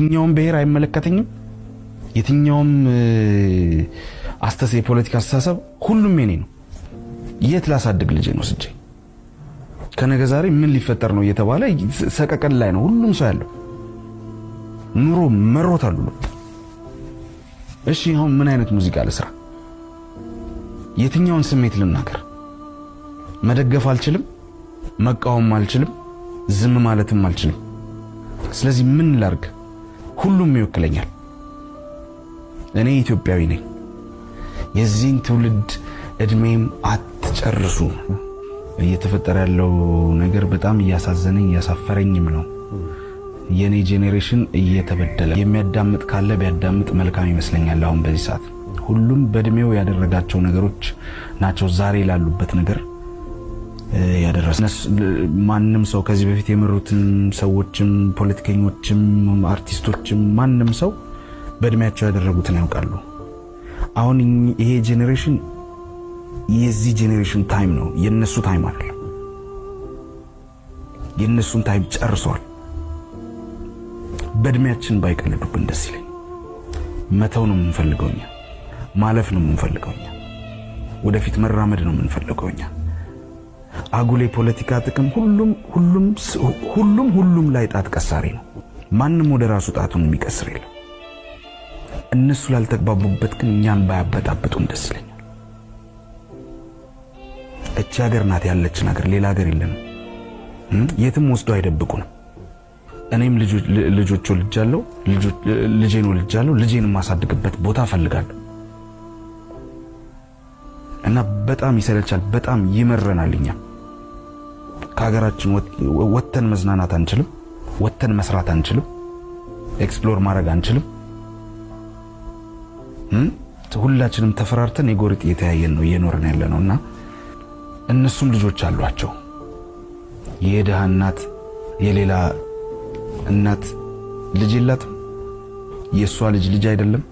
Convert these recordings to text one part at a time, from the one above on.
የትኛውም ብሔር አይመለከተኝም፣ የትኛውም አስተሰ የፖለቲካ አስተሳሰብ ሁሉም የኔ ነው። የት ላሳድግ ልጄ ነው ስጄ ከነገ ዛሬ ምን ሊፈጠር ነው እየተባለ ሰቀቀን ላይ ነው ሁሉም ሰው ያለው። ኑሮ መሮት አሉ። እሺ አሁን ምን አይነት ሙዚቃ ልስራ? የትኛውን ስሜት ልናገር? መደገፍ አልችልም፣ መቃወም አልችልም፣ ዝም ማለትም አልችልም። ስለዚህ ምን ላርግ? ሁሉም ይወክለኛል። እኔ ኢትዮጵያዊ ነኝ። የዚህን ትውልድ እድሜም አትጨርሱ። እየተፈጠረ ያለው ነገር በጣም እያሳዘነኝ እያሳፈረኝም ነው። የእኔ ጄኔሬሽን እየተበደለ የሚያዳምጥ ካለ ቢያዳምጥ መልካም ይመስለኛል። አሁን በዚህ ሰዓት ሁሉም በእድሜው ያደረጋቸው ነገሮች ናቸው ዛሬ ላሉበት ነገር ያደረሰ ማንም ሰው ከዚህ በፊት የመሩትን ሰዎችም ፖለቲከኞችም አርቲስቶችም ማንም ሰው በእድሜያቸው ያደረጉትን ያውቃሉ። አሁን ይሄ ጄኔሬሽን የዚህ ጄኔሬሽን ታይም ነው፣ የነሱ ታይም አይደለም። የነሱን ታይም ጨርሷል። በእድሜያችን ባይቀልዱብን ደስ ይለኝ። መተው ነው የምንፈልገው ማለፍ ነው የምንፈልገው ወደፊት መራመድ ነው የምንፈልገውኛ። አጉል የፖለቲካ ጥቅም ሁሉም ሁሉም ላይ ጣት ቀሳሪ ነው። ማንም ወደ ራሱ ጣቱን የሚቀስር የለም። እነሱ ላልተግባቡበት ግን እኛም ባያበጣብጡን ደስ ይለኛል። እቺ ሀገር ናት ያለችን ሀገር፣ ሌላ ሀገር የለም። የትም ወስዶ አይደብቁንም። እኔም ልጆች ወልጃለሁ፣ ልጄን ወልጃለሁ። ልጄን የማሳድግበት ቦታ እፈልጋለሁ። እና በጣም ይሰለቻል፣ በጣም ይመረናል እኛም ከሀገራችን ወጥተን መዝናናት አንችልም? ወጥተን መስራት አንችልም? ኤክስፕሎር ማድረግ አንችልም? ሁላችንም ተፈራርተን የጎሪጥ እየተያየን ነው እየኖርን ያለ ነው እና እነሱም ልጆች አሏቸው። የድሃ እናት የሌላ እናት ልጅ የላትም። የእሷ ልጅ ልጅ አይደለም።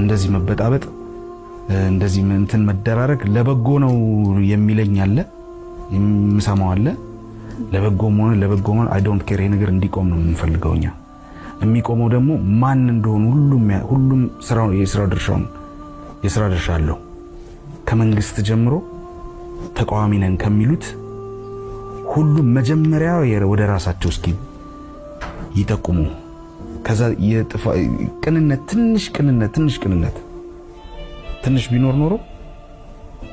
እንደዚህ መበጣበጥ፣ እንደዚህ እንትን መደራረግ ለበጎ ነው የሚለኝ አለ። የምሰማው አለ ለበጎም ሆነ ለበጎ ሆነ አይ ዶንት ኬር ነገር እንዲቆም ነው የምንፈልገው እኛ። የሚቆመው ደግሞ ማን እንደሆኑ ሁሉም ሁሉም ስራው የስራ ድርሻውን የስራ ድርሻ አለው ከመንግስት ጀምሮ ተቃዋሚ ነን ከሚሉት ሁሉም መጀመሪያ ወደ ራሳቸው እስኪ ይጠቁሙ። ከዛ ቅንነት ትንሽ ቅንነት ትንሽ ቅንነት ትንሽ ቢኖር ኖሮ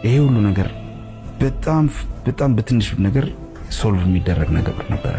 ይሄ ሁሉ ነገር በጣም በጣም በትንሽ ነገር ሶልቭ የሚደረግ ነገር ነበረ።